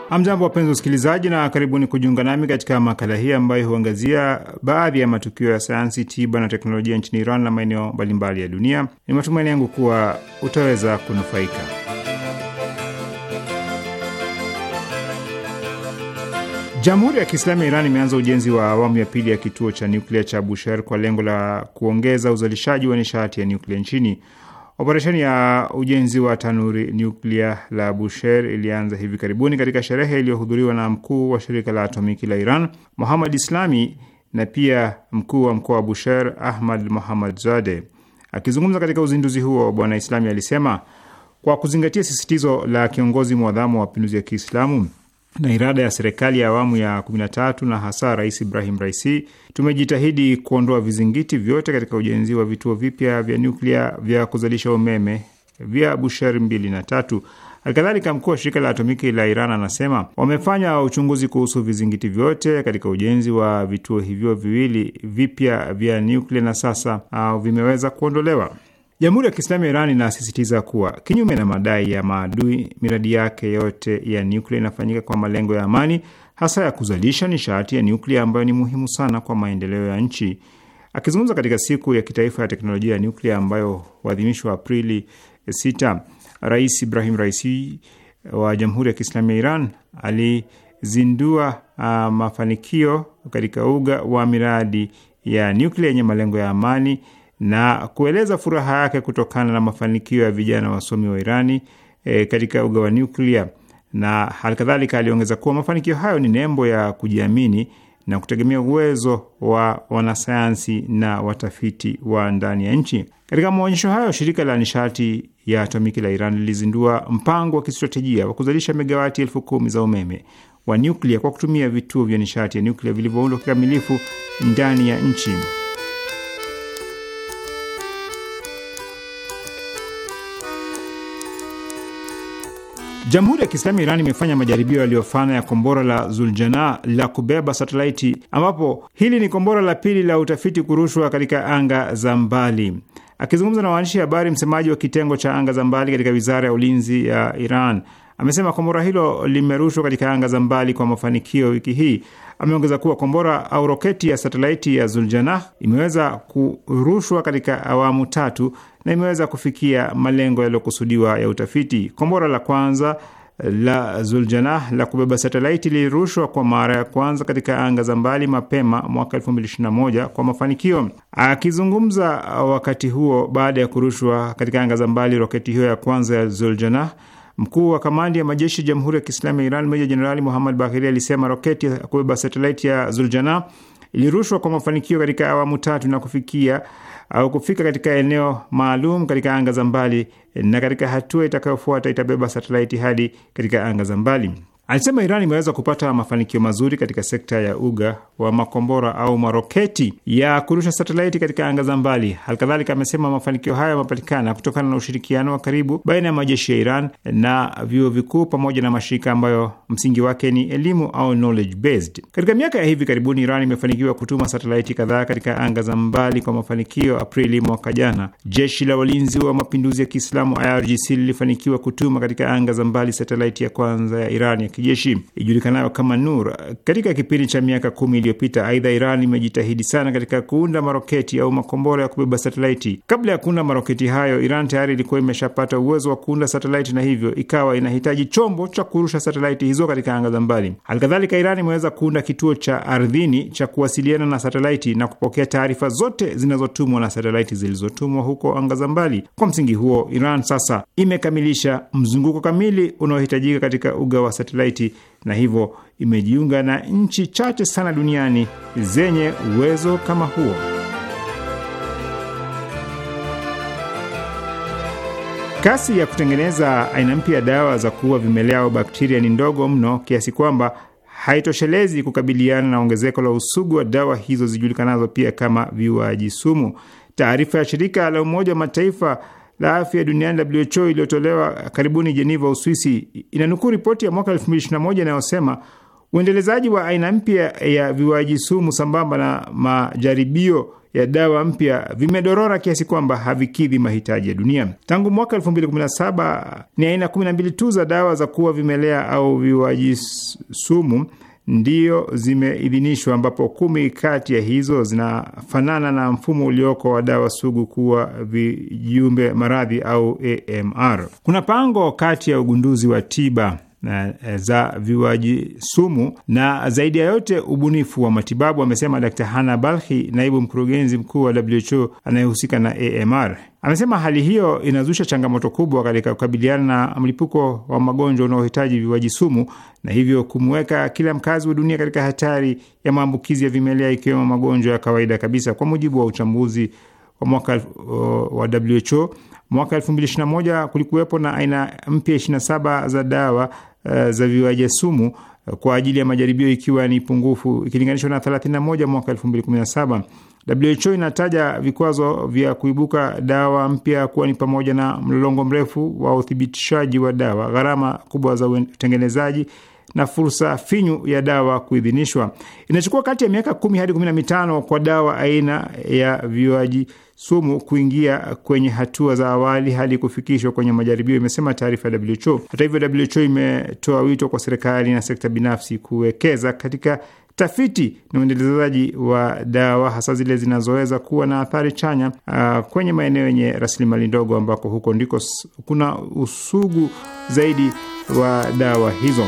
Hamjambo, wapenzi wasikilizaji, na karibuni kujiunga nami katika makala hii ambayo huangazia baadhi ya matukio ya sayansi, tiba na teknolojia nchini Iran na maeneo mbalimbali ya dunia. Ni matumaini yangu kuwa utaweza kunufaika. Jamhuri ya Kiislamu ya Iran imeanza ujenzi wa awamu ya pili ya kituo cha nyuklia cha Bushehr kwa lengo la kuongeza uzalishaji wa nishati ya nyuklia nchini. Operesheni ya ujenzi wa tanuri nyuklia la Bushehr ilianza hivi karibuni katika sherehe iliyohudhuriwa na mkuu wa shirika la atomiki la Iran Muhammad Islami na pia mkuu wa mkoa wa Bushehr Ahmad Muhammad Zade. Akizungumza katika uzinduzi huo, Bwana Islami alisema kwa kuzingatia sisitizo la kiongozi mwadhamu wa mapinduzi ya Kiislamu na irada ya serikali ya awamu ya 13 na hasa Rais Ibrahim Raisi, tumejitahidi kuondoa vizingiti vyote katika ujenzi wa vituo vipya vya nyuklia vya kuzalisha umeme vya Bushari mbili na tatu. Halikadhalika, mkuu wa shirika la atomiki la Iran anasema wamefanya uchunguzi kuhusu vizingiti vyote katika ujenzi wa vituo hivyo viwili vipya vya nyuklia na sasa vimeweza kuondolewa. Jamhuri ya Kiislamu ya Iran inasisitiza kuwa kinyume na madai ya maadui, miradi yake yote ya nyuklia inafanyika kwa malengo ya amani, hasa ya kuzalisha nishati ya nyuklia ambayo ni muhimu sana kwa maendeleo ya nchi. Akizungumza katika siku ya kitaifa ya teknolojia ya nyuklia ambayo huadhimishwa Aprili 6, Rais Ibrahim Raisi uh, wa Jamhuri ya Kiislamu ya Iran alizindua uh, mafanikio katika uga wa miradi ya nyuklia yenye malengo ya amani na kueleza furaha yake kutokana na mafanikio ya vijana wasomi wa Irani e, katika uga wa nuklia na halikadhalika aliongeza kuwa mafanikio hayo ni nembo ya kujiamini na kutegemea uwezo wa wanasayansi na watafiti wa ndani ya nchi. Katika maonyesho hayo, shirika la nishati ya atomiki la Iran lilizindua mpango wa kistratejia wa kuzalisha megawati elfu kumi za umeme wa nyuklia kwa kutumia vituo vya nishati ya nyuklia vilivyoundwa kikamilifu ndani ya nchi. Jamhuri ya Kiislamu ya Iran imefanya majaribio yaliyofana ya kombora la Zuljana la kubeba satelaiti, ambapo hili ni kombora la pili la utafiti kurushwa katika anga za mbali. Akizungumza na waandishi habari, msemaji wa kitengo cha anga za mbali katika wizara ya ulinzi ya Iran Amesema kombora hilo limerushwa katika anga za mbali kwa mafanikio wiki hii. Ameongeza kuwa kombora au roketi ya satelaiti ya Zuljanah imeweza kurushwa katika awamu tatu na imeweza kufikia malengo yaliyokusudiwa ya utafiti. Kombora la kwanza la Zuljanah la kubeba satelaiti lilirushwa kwa mara ya kwanza katika anga za mbali mapema mwaka 2021 kwa mafanikio. Akizungumza wakati huo baada ya kurushwa katika anga za mbali roketi hiyo ya kwanza ya Zuljanah, Mkuu wa kamandi ya majeshi ya Jamhuri ya Kiislamu ya Iran Meja Jenerali Muhammad Bahiri, alisema roketi ya kubeba satelaiti ya Zuljana ilirushwa kwa mafanikio katika awamu tatu na kufikia au kufika katika eneo maalum katika anga za mbali, na katika hatua itakayofuata itabeba satelaiti hadi katika anga za mbali. Anasema Iran imeweza kupata mafanikio mazuri katika sekta ya uga wa makombora au maroketi ya kurusha satelaiti katika anga za mbali. Halikadhalika, amesema mafanikio hayo yamepatikana kutokana na ushirikiano wa karibu baina ya majeshi ya Iran na vyuo vikuu pamoja na mashirika ambayo msingi wake ni elimu au knowledge based. Katika miaka ya hivi karibuni, Iran imefanikiwa kutuma satelaiti kadhaa katika anga za mbali kwa mafanikio. Aprili mwaka jana, jeshi la walinzi wa mapinduzi ya Kiislamu IRGC lilifanikiwa kutuma katika anga za mbali satelaiti ya kwanza ya Iran ya kijeshi ijulikanayo kama Nur katika kipindi cha miaka kumi iliyopita. Aidha, Iran imejitahidi sana katika kuunda maroketi au makombora ya kubeba satelaiti. Kabla ya kuunda maroketi hayo, Iran tayari ilikuwa imeshapata uwezo wa kuunda satelaiti na hivyo ikawa inahitaji chombo cha kurusha satelaiti hizo katika anga za mbali. Halikadhalika, Iran imeweza kuunda kituo cha ardhini cha kuwasiliana na satelaiti na kupokea taarifa zote zinazotumwa na satelaiti zilizotumwa huko anga za mbali. Kwa msingi huo, Iran sasa imekamilisha mzunguko kamili unaohitajika katika uga wa satelaiti satelaiti na hivyo imejiunga na nchi chache sana duniani zenye uwezo kama huo. Kasi ya kutengeneza aina mpya ya dawa za kuua vimelea au bakteria ni ndogo mno kiasi kwamba haitoshelezi kukabiliana na ongezeko la usugu wa dawa hizo zijulikanazo pia kama viuaji sumu. Taarifa ya shirika la Umoja wa Mataifa la afya duniani WHO iliyotolewa karibuni Jeneva, Uswisi, inanukuu ripoti ya mwaka 2021 inayosema uendelezaji wa aina mpya ya viwaji sumu sambamba na majaribio ya dawa mpya vimedorora kiasi kwamba havikidhi mahitaji ya dunia. Tangu mwaka 2017 ni aina 12 tu za dawa za kuua vimelea au viwaji sumu ndio zimeidhinishwa ambapo kumi kati ya hizo zinafanana na mfumo ulioko wa dawa sugu kuwa vijumbe maradhi au AMR. Kuna pango kati ya ugunduzi wa tiba Eh, za viwaji sumu na zaidi ya yote ubunifu wa matibabu, amesema dr Hana Balhi, naibu mkurugenzi mkuu wa WHO anayehusika na AMR. Amesema hali hiyo inazusha changamoto kubwa katika kukabiliana na mlipuko wa magonjwa unaohitaji viwaji sumu na hivyo kumweka kila mkazi wa dunia katika hatari ya maambukizi ya vimelea ikiwemo magonjwa ya kawaida kabisa. Kwa mujibu wa uchambuzi wa mwaka uh, wa WHO mwaka 2021 kulikuwepo na aina mpya 27 za dawa Eh, za viwaje sumu eh, kwa ajili ya majaribio ikiwa ni pungufu ikilinganishwa na 31 mwaka 2017. WHO inataja vikwazo vya kuibuka dawa mpya kuwa ni pamoja na mlolongo mrefu wa uthibitishaji wa dawa, gharama kubwa za utengenezaji, na fursa finyu ya dawa kuidhinishwa. Inachukua kati ya miaka kumi hadi kumi na mitano kwa dawa aina ya viwaji sumu kuingia kwenye hatua za awali hadi kufikishwa kwenye majaribio, imesema taarifa ya WHO. Hata hivyo, WHO imetoa wito kwa serikali na sekta binafsi kuwekeza katika tafiti na uendelezaji wa dawa hasa zile zinazoweza kuwa na athari chanya uh, kwenye maeneo yenye rasilimali ndogo ambako huko ndiko kuna usugu zaidi wa dawa hizo.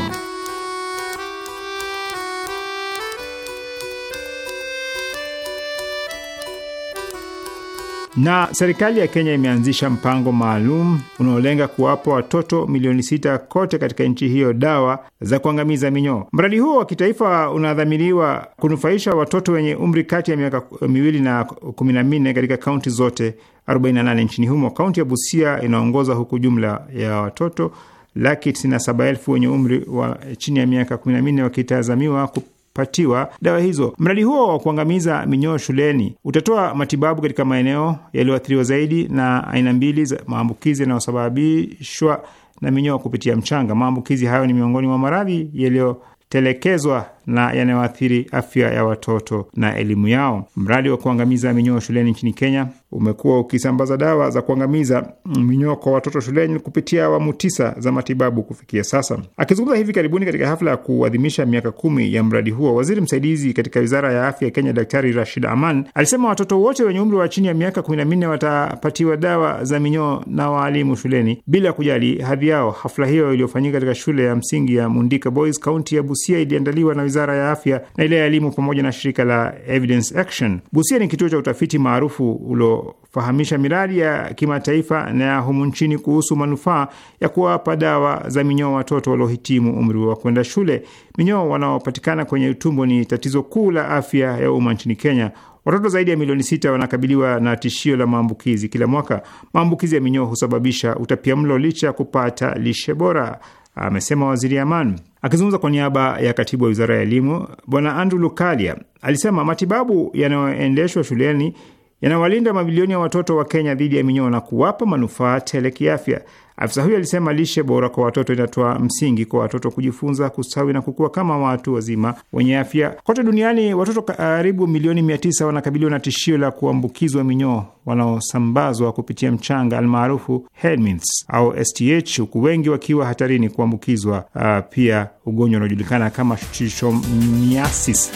Na serikali ya Kenya imeanzisha mpango maalum unaolenga kuwapa watoto milioni sita kote katika nchi hiyo dawa za kuangamiza minyoo. Mradi huo wa kitaifa unadhamiriwa kunufaisha watoto wenye umri kati ya miaka miwili na kumi na minne katika kaunti zote 48 nchini humo. Kaunti ya Busia inaongoza huku jumla ya watoto laki 97 elfu wenye umri wa chini ya miaka 1 wakitazamiwa patiwa dawa hizo. Mradi huo wa kuangamiza minyoo shuleni utatoa matibabu katika maeneo yaliyoathiriwa zaidi na aina mbili za maambukizi yanayosababishwa na minyoo kupitia mchanga. Maambukizi hayo ni miongoni mwa maradhi yaliyotelekezwa na yanayoathiri afya ya watoto na elimu yao. Mradi wa kuangamiza minyoo shuleni nchini Kenya umekuwa ukisambaza dawa za kuangamiza minyoo kwa watoto shuleni kupitia awamu tisa za matibabu kufikia sasa. Akizungumza hivi karibuni katika hafla ya kuadhimisha miaka kumi ya mradi huo, waziri msaidizi katika wizara ya afya ya Kenya Daktari Rashid Aman alisema watoto wote wenye umri wa chini ya miaka kumi na minne watapatiwa dawa za minyoo na waalimu shuleni bila kujali hadhi yao. Hafla hiyo iliyofanyika katika shule ya msingi ya Mundika Boys, kaunti ya Busia, iliandaliwa na wizara ya afya na ile ya elimu pamoja na shirika la Evidence Action. Busia ni kituo cha utafiti maarufu uliofahamisha miradi ya kimataifa na ya humu nchini kuhusu manufaa ya kuwapa dawa za minyoo watoto waliohitimu umri wa kwenda shule. Minyoo wanaopatikana kwenye utumbo ni tatizo kuu la afya ya umma nchini Kenya. Watoto zaidi ya milioni sita wanakabiliwa na tishio la maambukizi kila mwaka. Maambukizi ya minyoo husababisha utapiamlo licha ya kupata lishe bora amesema waziri Aman. Akizungumza kwa niaba ya katibu wa wizara ya elimu, Bwana Andrew Lukalia alisema matibabu yanayoendeshwa shuleni yanawalinda mamilioni ya watoto wa Kenya dhidi ya minyoo na kuwapa manufaa tele kiafya. Afisa huyo alisema lishe bora kwa watoto inatoa msingi kwa watoto kujifunza, kustawi na kukua kama watu wazima wenye afya. Kote duniani watoto karibu milioni mia tisa wanakabiliwa na tishio la kuambukizwa minyoo wanaosambazwa kupitia mchanga almaarufu helminths au STH, huku wengi wakiwa hatarini kuambukizwa uh, pia ugonjwa unaojulikana kama trichomoniasis.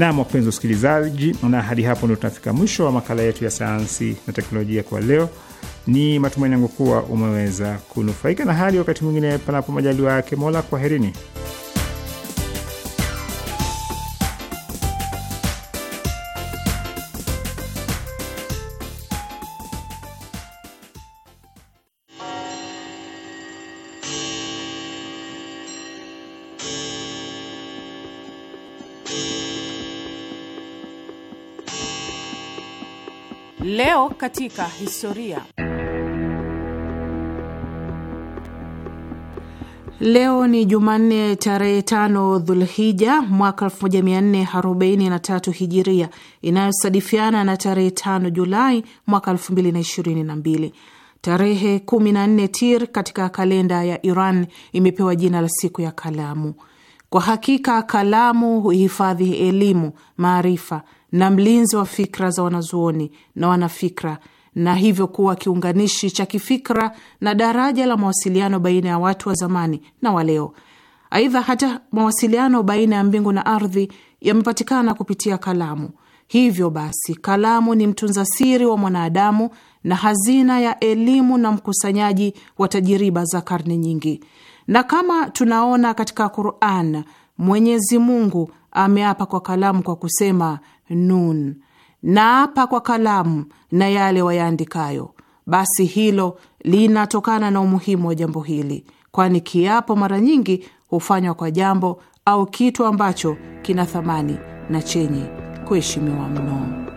Nam, wapenzi usikilizaji na hadi hapo ndio tunafika mwisho wa makala yetu ya sayansi na teknolojia kwa leo. Ni matumaini yangu kuwa umeweza kunufaika, na hadi wakati mwingine, panapo majaliwa yake Mola, kwaherini. katika historia. Leo ni Jumanne tarehe tano Dhulhija mwaka tatu Hijiria, inayosadifiana na tarehe tano Julai mwaka mbili Tarehe kumi nne Tir katika kalenda ya Iran imepewa jina la siku ya kalamu. Kwa hakika kalamu huhifadhi elimu, maarifa na mlinzi wa fikra za wanazuoni na wanafikra na hivyo kuwa kiunganishi cha kifikra na daraja la mawasiliano baina ya watu wa zamani na waleo. Aidha, hata mawasiliano baina ya mbingu na ardhi yamepatikana kupitia kalamu. Hivyo basi, kalamu ni mtunza siri wa mwanadamu na hazina ya elimu na mkusanyaji wa tajiriba za karne nyingi. Na kama tunaona katika Quran, Mwenyezi Mungu ameapa kwa kalamu kwa kusema Nun, naapa kwa kalamu na yale wayaandikayo. Basi hilo linatokana na umuhimu wa jambo hili, kwani kiapo mara nyingi hufanywa kwa jambo au kitu ambacho kina thamani na chenye kuheshimiwa mno.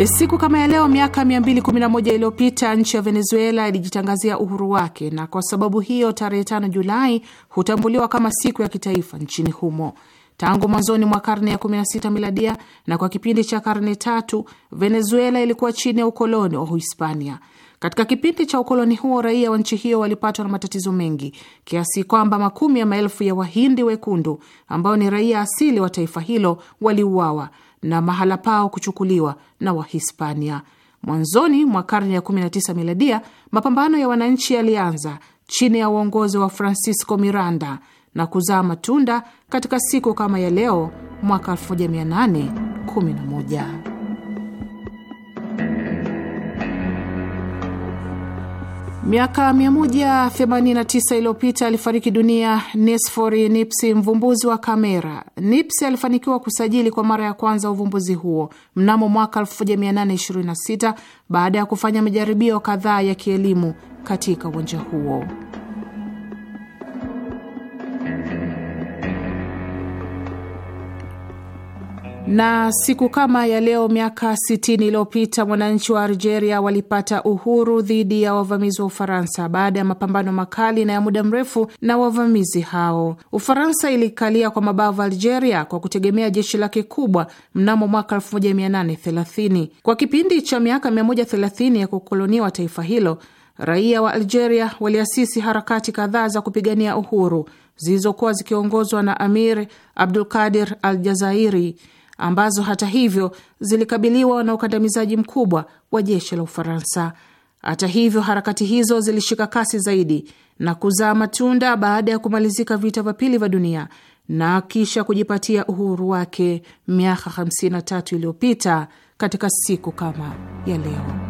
E, siku kama ya leo miaka 211 iliyopita nchi ya Venezuela ilijitangazia uhuru wake, na kwa sababu hiyo tarehe 5 Julai hutambuliwa kama siku ya kitaifa nchini humo. Tangu mwanzoni mwa karne ya 16 miladia na kwa kipindi cha karne tatu, Venezuela ilikuwa chini ya ukoloni wa Uhispania. Katika kipindi cha ukoloni huo, raia wa nchi hiyo walipatwa na matatizo mengi kiasi kwamba makumi ya maelfu ya Wahindi wekundu ambao ni raia asili wa taifa hilo waliuawa na mahala pao kuchukuliwa na Wahispania. Mwanzoni mwa karne ya 19 miladia, mapambano ya wananchi yalianza chini ya uongozi wa Francisco Miranda na kuzaa matunda katika siku kama ya leo mwaka 1811. Miaka 189 iliyopita alifariki dunia Nesfori Nipsi, mvumbuzi wa kamera. Nipsi alifanikiwa kusajili kwa mara ya kwanza uvumbuzi huo mnamo mwaka 1826 baada ya kufanya majaribio kadhaa ya kielimu katika uwanja huo. Na siku kama ya leo miaka 60 iliyopita wananchi wa Algeria walipata uhuru dhidi ya wavamizi wa Ufaransa baada ya mapambano makali na ya muda mrefu na wavamizi hao. Ufaransa ilikalia kwa mabavu Algeria kwa kutegemea jeshi lake kubwa mnamo mwaka 1830. Kwa kipindi cha miaka 130 ya kukoloniwa taifa hilo, raia wa Algeria waliasisi harakati kadhaa za kupigania uhuru zilizokuwa zikiongozwa na Amir Abdulkadir Al Jazairi ambazo hata hivyo zilikabiliwa na ukandamizaji mkubwa wa jeshi la Ufaransa. Hata hivyo, harakati hizo zilishika kasi zaidi na kuzaa matunda baada ya kumalizika vita vya pili vya dunia na kisha kujipatia uhuru wake miaka 53 iliyopita katika siku kama ya leo.